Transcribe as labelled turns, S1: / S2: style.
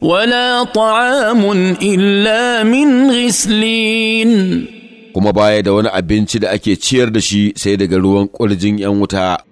S1: ولا طعام إلا من غسلين kuma baya da wani abinci da ake ciyar da shi sai daga ruwan ƙwarjin 'yan wuta